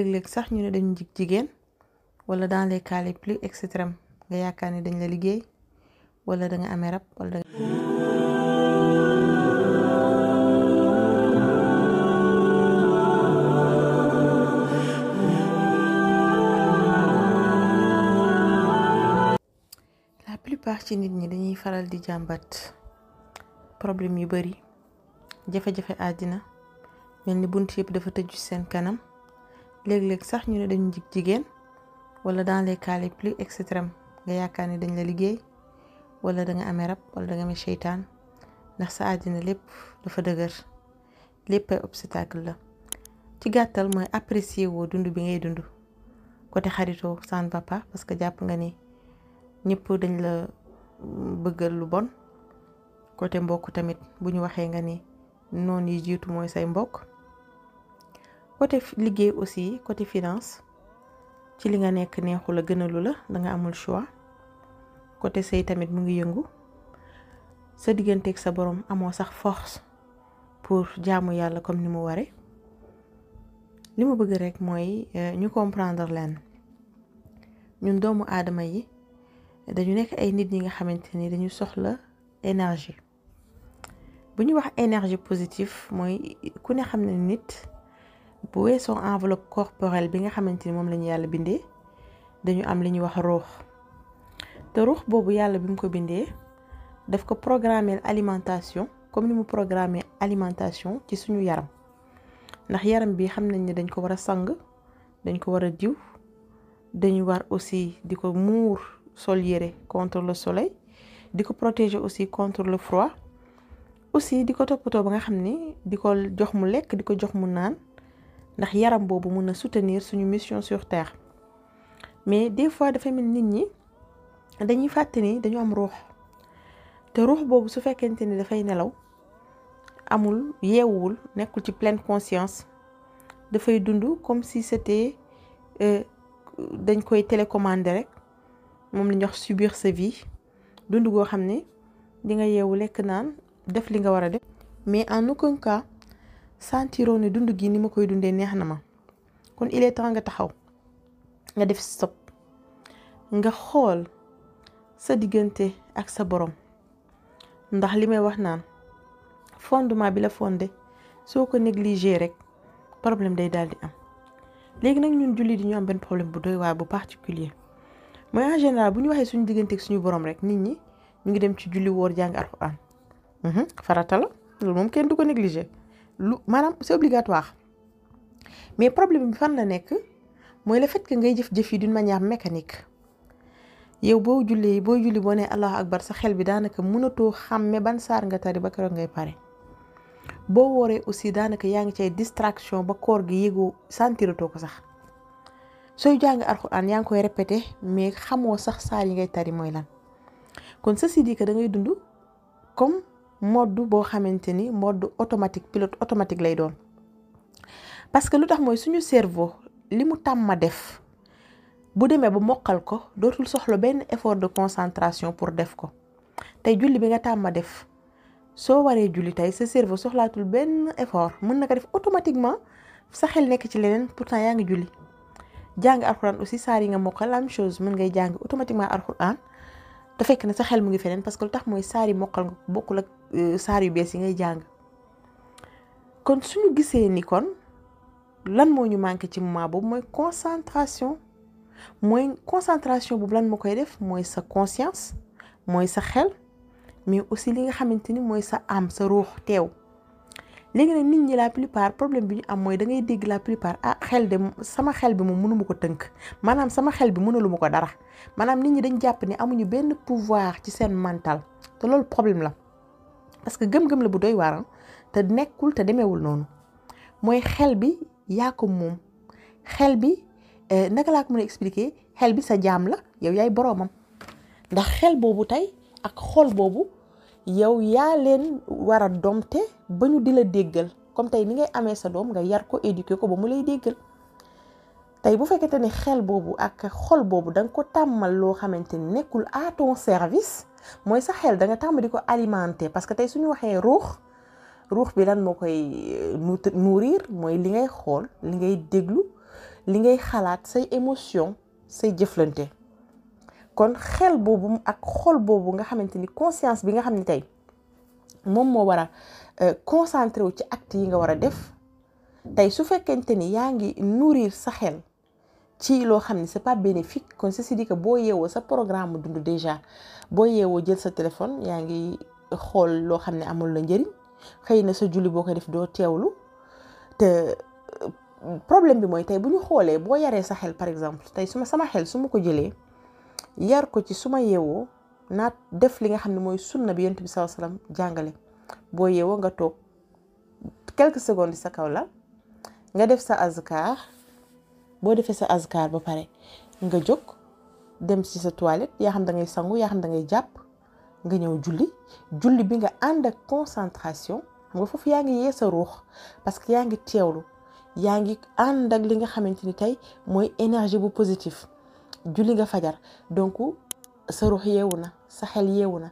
léeg sax ñu ne dañu jig jigéen wala dans les cas les plus extrêmes yaakaar ni dañ la liggéey wala da nga amee rab ci nit ñi dañuy faral di jàmbat problème yu bari jafe-jafe àddina mel ni bunt yëpp dafa tëju seen kanam léeg-léeg sax ñu ne dañu jig jigéen wala dans les cas les nga yaakaar ni dañ la liggéey wala da nga amee rab wala da nga seytaan ndax sa àddina lépp dafa dëgër lépp ay obstacle la ci gàttal mooy apprécier woo dund bi ngay dund côté xaritoo san papa parce que jàpp nga ni ñëpp dañ la bëggal lu bon côté mbokk tamit bu ñu waxee nga ni noon yi jiitu mooy say mbokk côté liggéey aussi côté finance ci li nga nekk neexu la gënalu la da nga amul choix côté sëy tamit mu ngi yëngu sa digganteek sa borom amoo sax force pour jaamu yàlla comme ni mu waree li ma bëgg rek mooy euh, ñu comprendre lenn ñun doomu aadama yi dañu nekk ay nit ñi nga xamante ni dañu soxla énergie bu ñu wax énergie positive mooy ku ne xam ne nit bu weesoo enveloppe corporelle bi nga xamante ni moom la ñu yàlla bindee dañu am li ñuy wax ruux te ruux boobu yàlla bi mu ko bindee daf ko programmer alimentation comme ni mu programmer alimentation ci suñu yaram ndax yaram bi xam nañ ne dañ ko war a sang dañ ko war a diw dañu war aussi di ko muur sol yére contre le soleil di ko protéger aussi contre le froid aussi di ko toppatoo ba nga xam ni di ko jox mu lekk di ko jox mu naan. ndax yaram boobu mun a soutenir suñu mission sur terre mais des fois dafa mel nit ñi dañuy fàtte ni dañu am ruux te ruux boobu su fekkente ni dafay nelaw amul yeewuwul nekkul ci pleine conscience dafay dund comme si c'était euh, dañ koy télécommander rek moom la ñuy wax subir sa vie dund goo xam ne di nga yeewu lekk naan def li nga war a def mais en aucun sentiroo ne dund gi ni ma koy dundee neex na ma kon il est temps nga taxaw nga def stop nga xool sa diggante ak sa borom ndax li may wax naan fondement bi la de soo ko négligé rek problème day daal di am léegi nag ñun julli di ñu am benn problème bu doy waar bu particulier mooy en général bu ñu waxee suñu diggante suñu borom rek nit ñi ñu ngi dem ci julli woor jàng alxuraan mhm, farata la loolu moom kenn du ko négligé lu maanaam c'est obligatoire mais problème bi fan la nekk mooy la fait que ngay jëf-jëf yi d'une manière mécanique yow boo jullee boo julli boo nee allahu bar sa xel bi daanaka mënatoo xàmme ban saar nga tari ba keroog ngay pare boo wooree aussi daanaka yaa ngi ci distraction ba koor gi yëgoo sentiratoo ko sax sooy jàng alxuraan yaa ngi koy répété mais xamoo sax saar yi ngay tari mooy lan kon ceci dit que da dund comme mode boo xamante ni mode automatique pilote automatique lay doon parce que lu tax mooy suñu cerveau li mu tàmma def bu demee ba mokkal ko dootul soxla benn effort de concentration pour def ko tey julli bi nga tàmma def soo waree julli tey sa cerveau soxlaatul benn effort mën na ko def automatiquement sa xel nekk ci leneen pourtant yaa ngi julli jàng alxuraan saar yi nga mokkal la même chose mën ngay jàng automatiquement alxuraan te fekk na sa xel mu ngi feneen parce que tax mooy saar mokkal nga bokkul ak Euh, saar yu bees yi ngay jàng kon suñu gisee ni kon lan moo ñu manqué ci moment boobu mooy concentration mooy concentration boobu lan ma koy def mooy sa conscience mooy sa xel mais aussi li nga xamante ni mooy sa am sa ruux teew léegi nag nit ñi la plupart problème bi ñu am mooy da ngay dégg la plupart ah xel de sama xel bi moom mënuma ko tënk maanaam sama xel bi mënaluma ko dara maanaam nit ñi dañ jàpp ni amuñu benn pouvoir ci seen mantal te loolu la parce que gëm-gëm la bu doy waaram ah, te nekkul te demeewul noonu mooy xel bi yaa ko moom xel bi eh, naka laa ko mun a expliquer xel bi sa jaam la yow yaay boroomam ndax xel boobu tey ak xol boobu yow yaa leen war doom te ba ñu di la déggal comme tey ni ngay amee sa doom nga yar ko éduquer ko ba mu lay déggal tey bu fekkente ne xel boobu ak xol boobu da nga ko tàmmal loo xamante ni nekkul à ton service mooy sa xel da nga tàmm ko alimentaire parce que tey suñu waxee ruux ruux bi lan moo koy euh, nourrir mooy li ngay xool li ngay déglu li ngay xalaat say émotion say jëflante kon xel boobu ak xol boobu nga xamante ni conscience bi nga xam ni tey moom moo war a euh, concentré wu ci act yi nga war a def tey su fekkente ni yaa ngi nourrir sa xel ci loo xam ne c'est pas bénéfique kon ceci dit que boo yeewoo sa programme dund déjà boo yeewoo jël sa téléphone yaa ngi xool loo xam ne amul la njëriñ xëy na sa julli boo koy def doo teewlu te euh, problème bi mooy tey bu ñu xoolee boo yaree sa xel par exemple tey su ma sama xel su ma ko jëlee yar ko ci suma ma yeewoo naa def li nga xam ne mooy sunna bi yonent bi sallallahu alayhi jàngale boo yeewoo nga toog quelques secondes sa kaw la nga def sa azkar boo defee sa azkar ba pare nga jog dem si sa toilette yaa xam da ngay sangu yaa xam da ngay jàpp nga ñëw julli julli bi nga ànd ak concentration xam nga foofu yaa ngi yee sa ruux parce que yaa ngi teewlu yaa ngi ànd ak li nga xamante ni tey mooy énergie bu positif julli nga fajar donc sa ruux yeewu na sa xel yeewu na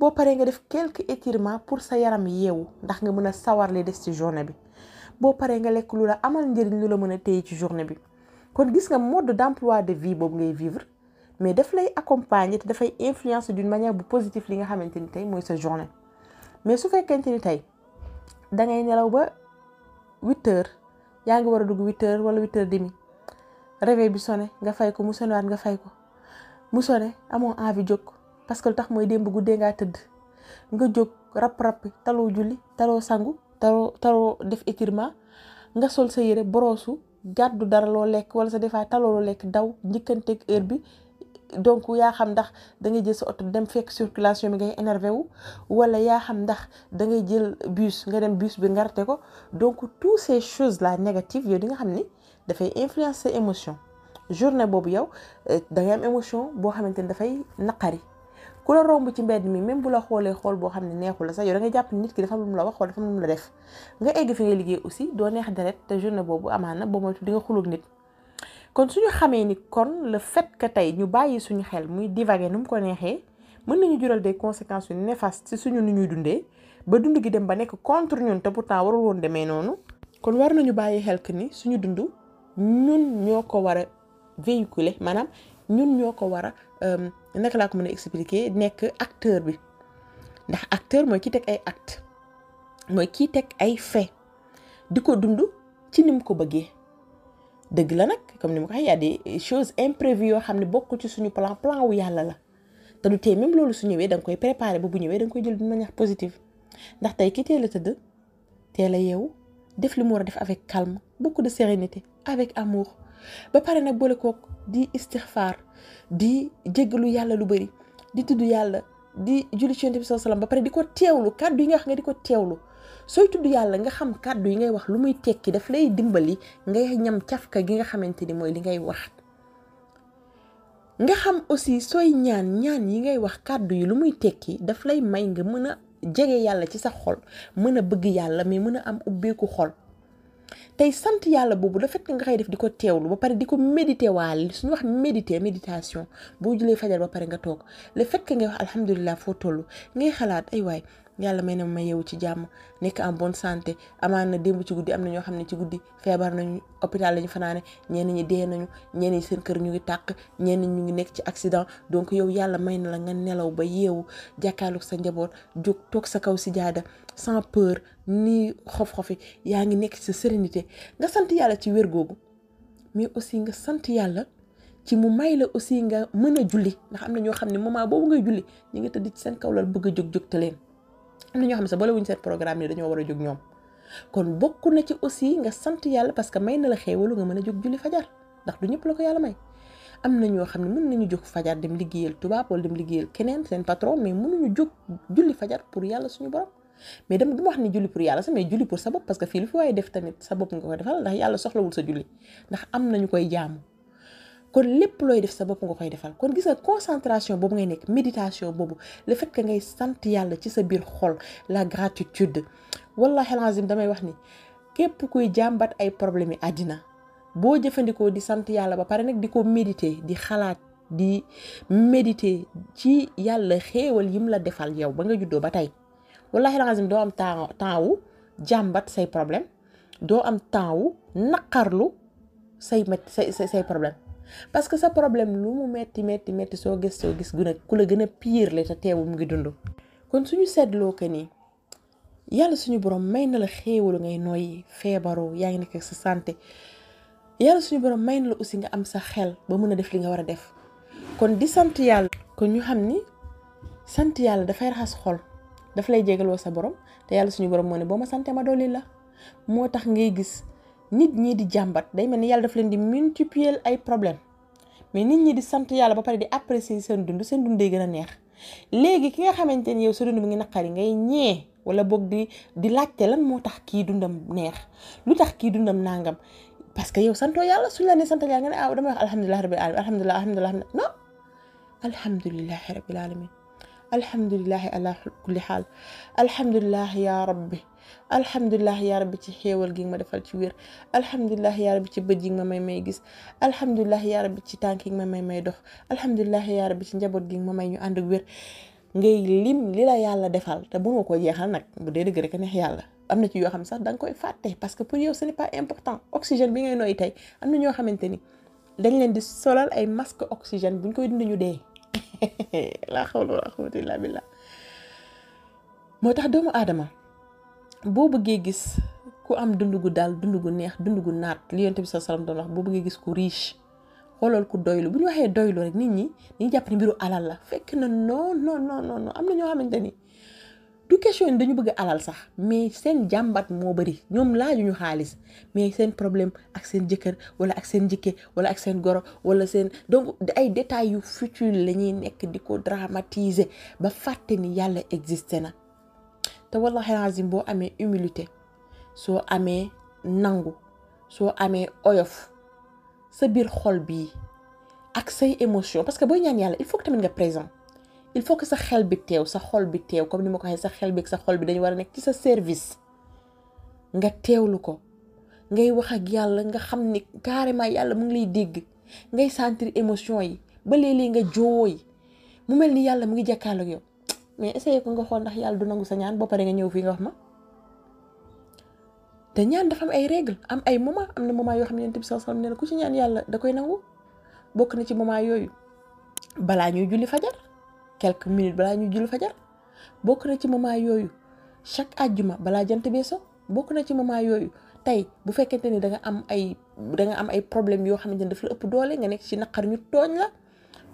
boo paree nga def quelque étirements pour sa yaram yeewu ndax nga mën a sawar li des ci journée bi boo paree nga lekk lu la amal njëriñ lu la mën a téye ci journée bi kon gis nga de d'emploi de vie boobu ngay vivre mais def lay accompagner te dafay influencer d'une manière bu positive li nga xamante ni tey mooy sa journée mais su fekkente ni tey da nelaw ba huit heures yaa ngi war a dugg huit heures wala huit heures demi bi sonné nga fay ko mu sonné waat nga fay ko mu sonné amoo envie jóg parce que tax mooy démb dee ngaa tëdd nga jóg rap taloo julli taloo sangu taroo taroo def étirement nga sol sa yére boroosu gàddu dara loo lekk wala sa defa taloo lekk daw njëkkanteeg heure bi donc yaa xam ndax da jël sa oto dem fekk circulation bi ngay énervé wu wala yaa xam ndax dangay jël bus nga dem bus bi ngarte ko donc tous ces choses là négatives yow di nga xam ni dafay influencer émotion journée boobu yow euh, da am émotion boo xamante ni dafay naqari ku la romb ci mbedd mi même bu la xoolee xool boo xam ne neexul la sax yow da jàpp nit ki dafa lu mu la wax wala dafa lu mu la def nga egg fi nga liggéey aussi doo neex deret te journée boobu amaana boo moytu di nga xulóog nit kon suñu xamee ni kon la fait que tey ñu bàyyi suñu xel muy divaguer nu mu ko neexee mën nañu jural de conséquence yu néfastes ci suñu nu ñuy dundee ba dund gi dem ba nekk contre ñun te pourtant warul woon demee noonu kon war nañu bàyyi xel que ni suñu dund ñoo ko war a véhiculer maanaam ñun ñoo ko war a euh, naka laa ko mën a expliquer nekk acteur bi ndax acteur mooy ki teg ay acte mooy kii teg ay fait di ko dund ci ni mu ko bëggee dëgg la nag comme ni ma ko waxee y a des choses yoo xam ne bokk ci suñu plan plan wu yàlla la te du tee même loolu su ñëwee da koy préparer ba bu ñëwee da nga koy jël d'une manière positive ndax tey ki teel tëdd teel a yeewu def li mu war a def avec calme bokk de sérénité avec amour ba pare nag boole kook di istixfaar di jéggalu yàlla lu bëri di tudd yàlla di julli ci yonent bi sallallahu alayhi ba pare di ko teewlu kàddu yi nga wax nga di ko teewlu sooy tudd yàlla nga xam kàddu yi ngay wax lu muy tekki daf lay dimbali ngay ñam cafka gi nga xamante ni mooy li ngay wax nga xam aussi sooy ñaan ñaan yi ngay wax kàddu yi lu muy tekki daf lay may nga mën a jege yàlla ci sa xol mën a bëgg yàlla mais mën a am ubbeeku xol tey sant yàlla boobu la fekk nga koy def di ko teewlu ba pare di ko méditer waale suñu wax méditer méditation boo julee fajar ba pare nga toog le fait que ngay wax alhamdulilah foo toll ngay xalaat ay waay yàlla may na ma yeewu ci jàmm nekk en bonne santé amaan na démb ci guddi am na ñoo xam ne ci guddi feebar nañu hôpital la ñu fanaane ñenn ñi dee nañu ñenn ñi seen kër ñu ngi tàq ñenn ñu ngi nekk ci accident donc yow yàlla may na la nga nelaw ba yeewu jàkkaarloog sa njaboot jóg toog sa kaw si jaada sans peur ni xof yaa ngi nekk sa sérénité nga sant yàlla ci wér googu mais aussi nga sant yàlla ci mu may la aussi nga mën a julli ndax am na ñoo xam ne moment boobu ngay julli ñu ngi tëdd ci seen kaw lal bëgg jóg te leen am na ñoo xam ne sax boole wuñ seen programme ni dañoo war a jóg ñoom kon bokku na ci aussi nga sant yàlla parce que may na la xéewalu nga mën a jóg julli fajar ndax du ñëpp la ko yàlla may am na ñoo xam ne mën nañu jóg fajar dem liggéeyal tubaab wala dem liggéeyal keneen seen patron mais mënuñu jóg julli fajar pour yàlla suñu borom mais dama du ma julli pour yàlla sax mais julli pour sa bopp parce que fii lu fi waaye def tamit sa bopp nga ko defal ndax yàlla soxlawul sa julli ndax am na ñu koy jaamu kon lépp looy def sa bopp nga koy defal kon gis nga concentration boobu ngay nekk méditation boobu le fait ngay sant yàlla ci sa biir xol la gratitude wallahi alazim damay wax ni képp kuy jàmbat ay problème yi àddina boo jëfandikoo di sant yàlla ba pare nag di ko méditer di xalaat di méditer ci yàlla xéewal yim la defal yow ba nga juddoo ba tey wallahi alazim doo am temps temps jàmbat say problème doo am temps wu naqarlu say met say say problème parce que sa problème lu mu metti metti metti soo gis soo gis gën ku la gën a pire la te teewu mu ngi dund. kon suñu seetloo que ni yàlla suñu borom may na la xéewalu ngay nooyi feebaroo yaa ngi nekk sa santé yàlla suñu borom may na la aussi nga am sa xel ba mun a def li nga war a def kon di sant yàlla. kon ñu xam ni sant yàlla dafay raxas xol daf lay jégaloo sa borom te yàlla suñu borom moo ne boo ma sante ma dolli la moo tax ngay gis. nit ñii di jàmbat day mel ni yàlla daf leen di multiplier ay problème mais nit ñi di sant yàlla ba pare di apprécier seen dund seen dund day gën a neex léegi ki nga xamante ni yow sa dund mu ngi naqari ngay ñee wala boog di di laajte lan moo tax kii dundam neex lu tax kii dundam nangam parce que yow santoo yàlla suñu la nee sant yàlla nga ne a ah, dama wax alhamdulilah rabbil alamin alhamdulilah alhamdulilah non alhamdulilah rabbil alamin alhamdulilah ala kulli yaa rabbi alhamdulilah yaa rabbi ci xéewal gi ma defal ci wér alhamdulilah yaa rabbi ci bët yi nga ma may may gis alhamdulilah yaa rabbi ci tànk yi nga ma may may dox alhamdulilah yaa rabbi ci njaboot gi ma may ñu ànd ak wér ngay lim li la yàlla defal te mënoo ko jeexal nag bu dee dëgg rek neex yàlla am na ci yoo xam sax da koy fàtte parce que pour yow ce n'est pas bi ngay nooy tey am na ñoo xamante ni dañ leen di solal ay masque bu ñu koy dund ñu dee laa xawla wala quwwata illa billah moo tax doomu aadama boo bëggee gis ku am dund gu daal dund gu neex dund gu naat li yonent bi sa alayhi wasallam doon wax boo bëggee gis ku riche xoolal ku doylu bu ñu waxee doylu rek nit ñi dañuy jàpp ne mbiru alal la fekk na non non non non am na ñoo xamante ni du question dañu bëgg alal sax mais seen jàmbat moo bari ñoom laajuñu xaalis mais seen problème ak seen jëkkër wala ak seen jëkke wala ak seen goro wala seen donc ay détails yu future la ñuy nekk di ko dramatiser ba fàtte ni yàlla existé na. te wallahi lazim boo amee humilité soo amee nangu soo amee oyof sa biir xol bii ak say émotion parce que booy ñaan yàlla il faut que tamit nga présent il faut que sa xel bi teew sa xol bi teew comme ni ma ko sa xel bi ak sa xol bi dañu war a nekk ci sa service nga teewlu ko ngay waxak yàlla nga xam ni carrément yàlla mu ngi lay dégg ngay sentir émotion yi ba léeg nga nga yi mu mel ni yàlla mu ngi jàkkaarloo ak yow mais essayé ko nga xool ndax yàlla du nangu sa ñaan ba pare nga ñëw fii nga wax ma te ñaan dafa am ay règle am ay moment am na moment yoo xam ne yonent bi sallallahu alayhi wasallam nee na ñaan yàlla da koy nangu bokk na ci moment yooyu balaa ñuy julli fajar quelques minutes balaa ñuy julli fajar bokk na ci moment yooyu chaque àjjuma balaa jant bee so bokk na ci moment yooyu tey bu fekkente ni danga am ay da nga am ay problème yoo xamante ni daf la ëpp doole nga nekk ci naqar ñu tooñ la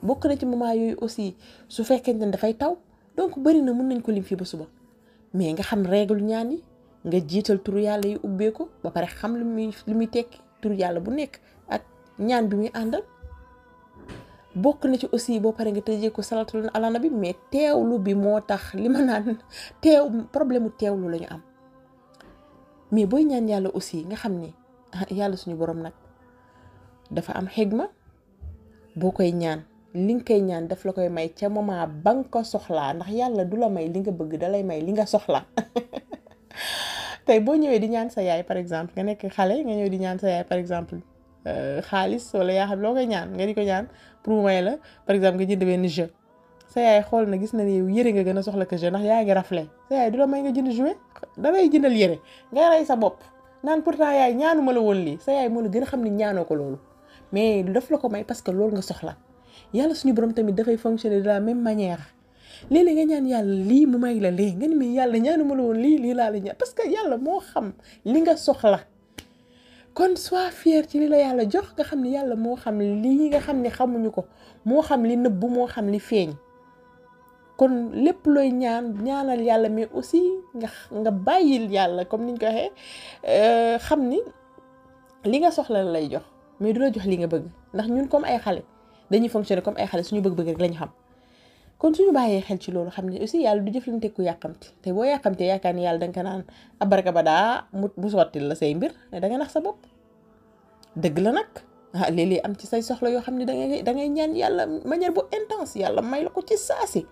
bokk na ci moment yooyu aussi su fekkente ni dafay taw donc bëri na mun nañ ko lim fii ba suba mais nga xam règle ñaan yi nga jiital turu yàlla yi ubbee ba pare xam li muy lu muy tekki turu yàlla bu nekk ak ñaan bi muy àndal bokk na ci aussi boo pare nga tëjee ko salatul ala nabi mais teewlu bi moo tax li ma naan teew problème mu teewlu lañu am mais booy ñaan yàlla aussi nga xam ni ah, yàlla suñu borom nag dafa am xeeg ma boo koy ñaan. li nga koy ñaan def la koy may ca moment ba nga ko soxlaa ndax yàlla du la may li nga bëgg da lay may li nga soxla tey boo ñëwee di ñaan sa yaay par exemple nga nekk xale nga ñëw di ñaan sa par exemple euh, xaalis wala yaa loo koy ñaan nga di ko ñaan pour mu may la par exemple nga jënd benn jeu sa yaay xool na gis na ni yow yëre nga gën a soxla que jeu ndax yaa ngi rafle sa yaay du la may nga jënd jouet da lay jëndal yëre nga rey sa bopp naan pour pourtant yaay ñaanu ma la woon lii sa yaay moo la gën a xam ni ñaanoo ko loolu mais daf ko may parce que loolu nga soxla yàlla suñu borom tamit dafay fonctionner de la même manière léeg-léeg nga ñaan yàlla lii mu may la lii nga ni mais yàlla ñaanu ma la woon lii lii laa la ñaan parce que yàlla moo xam li nga soxla kon sois fier ci li la yàlla jox nga xam ni yàlla moo xam lii nga xam ni xamuñu ko moo xam li nëbbu moo xam li feeñ kon lépp looy ñaan ñaanal yàlla mais aussi nga nga bàyyil yàlla comme niñ ko waxee euh, xam ni li nga soxla la lay jox mais du la jox li nga bëgg ndax ñun comme ay xale dañuy fonctionner comme ay xale suñu bëgg-bëgg rek lañu xam kon suñu bàyyee xel ci loolu xam ne aussi yàlla du jëflante ku yàkkamti te boo yàkkamtee yaakaar ni yàlla danga ko naan abaraka ah, ba daa mu mu sotti la say mbir ne danga nax sa bopp dëgg la nag ah am ci say soxla yoo xam ne da da ngay ñaan yàlla manière bu intense yàlla may la ko ci saasi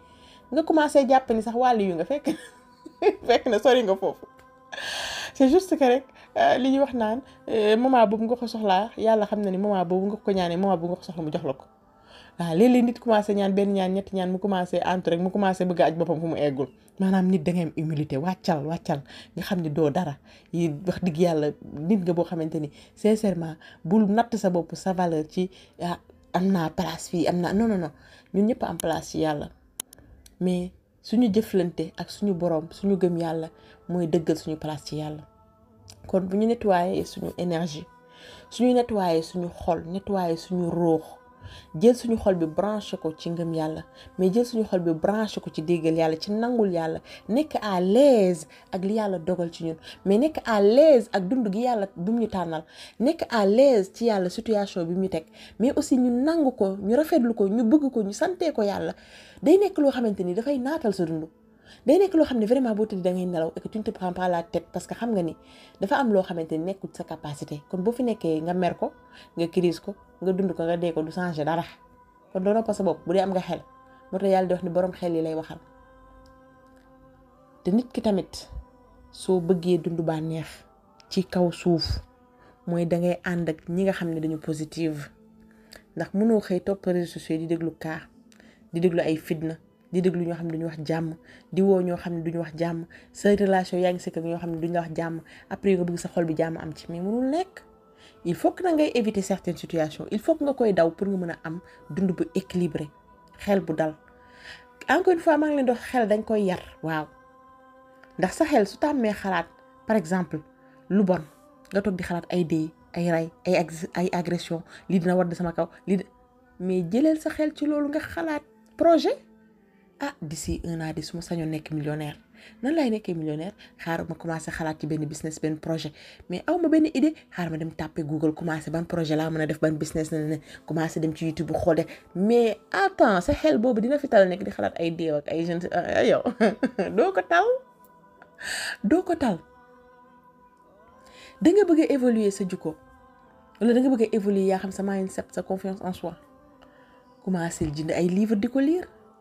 nga commencé jàpp ni sax wàll yu nga fekk fekk na sori nga foofu c'est euh, li ñuy wax naan euh, moment boobu nga ko soxlaa yàlla xam na ni moment boobu nga ko ñaanee moment boobu nga ko soxla mu jox la ko. waaw léeg-léeg nit commencé ñaan benn ñaan ñetti ñaan mu commencé entre rek mu commencé bëgg a aj boppam fu mu eggul maanaam nit da am humilité wàccal wàccal nga xam ni doo dara yi wax dëgg yàlla nit nga boo xamante ni sincèrement bul natt sa bopp sa ci ah am naa place fii am naa non non non ñëpp am place ci yàlla mais suñu jëflante ak suñu borom suñu gëm yàlla mooy dëggal suñu place ci yàlla kon bu ñu nettoyé suñu énergie suñu nettoyé suñu xol nettoyé suñu ruux jël suñu xol bi branché ko ci ngëm yàlla mais jël suñu xol bi branché ko ci déggal yàlla ci nangul yàlla nekk à l'aise ak li yàlla dogal ci ñun mais nekk à l'aise ak dund gi yàlla bi mu ñu tànnal nekk à l'aise ci yàlla situation bi mu ñu teg mais aussi ñu nangu ko ñu rafetlu ko ñu bëgg ko ñu santee ko yàlla day nekk loo xamante ni dafay naatal sa nekk loo xam ne vraiment boo tëddee da ngay nelaw et que tu ne te prends pas parce que xam nga ni dafa am loo xamante ni nekkul sa capacité kon boo fi nekkee nga mer ko nga crise ko nga dund ko nga dee ko du changé dara kon doo noppal sa bopp bu dee am nga xel moo tax yàlla di wax ni borom xel yi lay waxal te nit ki tamit soo bëggee dund bànneex ci kaw suuf mooy da ngay ànd ak ñi nga xam ne dañu positive ndax mënoo xëy topp réseaux sociaux di déglu kaa di déglu ay fitna di déglu ñoo xam ne duñu wax jàmm di woo ñoo xam ne duñu wax jàmm sa relation yaa ngi sekk ak ñoo xam ne duñu la wax jàmm après nga bëgg sa xol bi jàmm am ci mais mënul il faut que na ngay éviter certaines situation il faut que nga koy daw pour nga mën a am dund bu équilibré xel bu dal encore une fois maa leen dox xel dañ koy yar waaw ndax sa xel su tàmmee xalaat par exemple lu bon nga toog di xalaat ay déy ay rey ay ay agression lii dina war de sama kaw lii de mais jëleel sa xel ci loolu nga xalaat projet ah di si un an di su ma sañoon nekk millionnaire nan laay nekkee millionnaire xaaral ma commencé xalaat ci benn business benn projet mais aw ma benn idée xaaral ma dem tàppe Google commencé ban projet laa mën a def ban business na ne commencé dem ci YouTube xoole mais attends sa xel boobu dina fi tal nekk di xalaat ay deew ak ay jeunes yow doo ko tal doo ko tal da nga bëgg a évoluer sa jikko wala da nga bëgg a évoluer yaa xam sa mindset sa confiance en soi commencé jënd ay livre di ko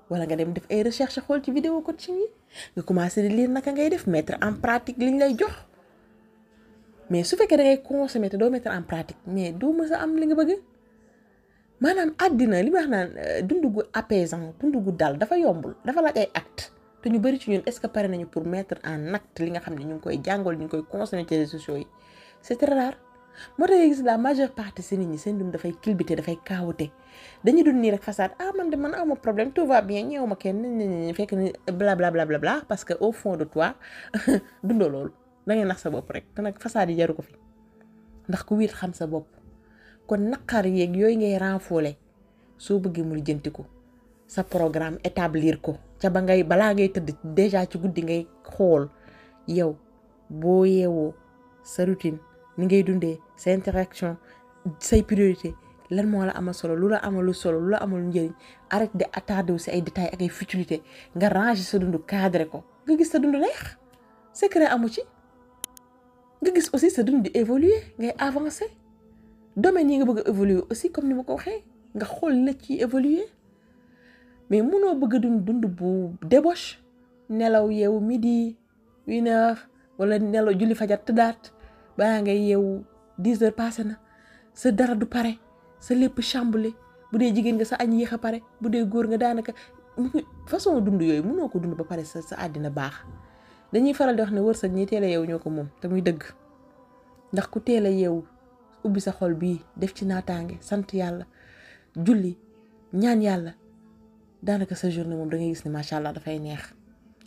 wala nga dem def ay recherche xool ci vidéo coaching yi nga commencé di lire naka ngay def mettre en pratique liñ lay jox mais su fekkee da ngay consommer te doo mettre en pratique mais doo mës a am li nga bëgg maanaam àddina li ma wax naan euh, dund gu apaisant dund gu dal dafa yombul dafa laaj ay acte te ñu bëri ci ñun est ce que pare nañu pour metre en acte li nga xam ne ñu ngi koy jàngal ñu ngi koy consommer ci réseaux sociaux yi moo tax gis la majeure partie si nit ñi seen dund dafay kilbite dafay kaawute dañuy dund nii rek façade ah man de man aw ma problème tout va bien ñeew ma kenn nit fekk ni bla bla bla bla parce que au fond de toi dundoo loolu da ngay nax sa bopp rek te nag façade yi ko fi ndax ku xam sa bopp kon naqar yeeg yooyu ngay renfooler soo bëggee mu lijjanti ko sa programme établir ko ca ba ngay balaa ngay tëdd déjà ci guddi ngay xool yow boo yeewoo sa routine. ni ngay dundee sa interaction say priorité lan moo la amal solo lu la amalu solo lu la amalu njëriñ arrête de attardé wu si ay détails ak ay futilité nga ranger sa dund cadré ko nga gis sa dund neex secret amu ci nga gis aussi sa dund di évoluer ngay avancer domaine yi nga bëgg a évoluer aussi comme ni ma ko waxee nga xool la ci évoluer mais munoo bëgg a dund dund bu débauche nelaw yeewu midi une heure wala nelaw julli fajar tëddaat balaa ngay yeewu 10 heures passé na sa dara du pare sa lépp chamboulé bu dee jigéen nga sa añ yéex a pare bu dee góor nga daanaka façon dund yooyu mënoo ko dund ba pare sa sa àddina baax dañuy faral di wax ne wërsëg ñi teel a yeewu ñoo ko moom te muy dëgg ndax ku teel a yeewu ubbi sa xol bii def ci naataange sant yàlla julli ñaan yàlla daanaka sa journée moom da ngay gis ne macha allah dafay neex.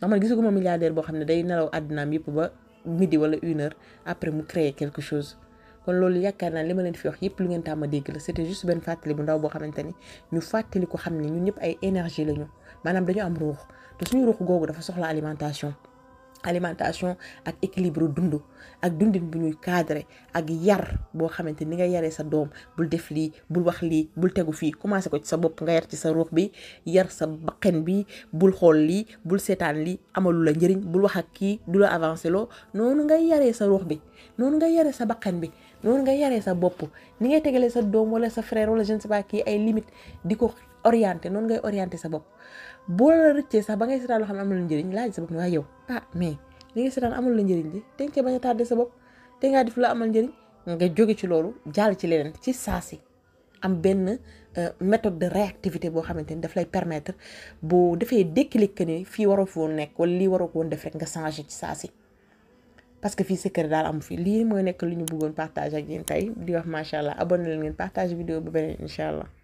xam nga gisaguma milliardaire boo xam ne day nelaw àddinaam yëpp ba midi wala une après mu créer quelque chose kon loolu yaakaar naa li ma leen fi wax yëpp lu ngeen tàmm dégg la c'était juste benn fàttali bu ndaw boo xamante ni ñu fàttali ko xam ne ñun ñëpp ay énergie lañu maanaam dañu am ruux te suñu ruux googu dafa soxla alimentation alimentation ak équilibre dund ak dundin bu ñuy cadré ak yar boo xamante ni ngay yaree sa doom bul def lii bul wax lii bul tegu fii commencé ko ci sa bopp nga yar ci sa ruux bi yar sa baqen bi bul xool lii bul seetaan lii amalu la njëriñ bul wax ak kii du la avancé loo noonu nga yaree sa ruux bi noonu nga yaree sa baqen bi noonu nga yaree sa bopp ni ngay tegalee sa doom wala sa frère wala je ne kii ay limite di ko orienté noonu ngay orienté sa bopp boo la rëccee sax ba ngay seetaan loo xam ne amul njëriñ laaj sa bopp ne waaye yow ah mais li ngay seetaan amul la njëriñ li te nga cee bañ sa bopp te ngaa def amal njëriñ nga jóge ci loolu jàll ci leneen ci saasi am benn euh, méthode de activité boo xamante ni daf lay permettre boo defee déclic que ni fii waroo foon nekk wala lii waroo woon def rek nga changé ci saasi parce que fii secret daal amu fi lii mooy nekk li ñu bëggoon partage ak yéen tey di wax macha allah abonné leen ngeen partage vidéo beneen incha allah.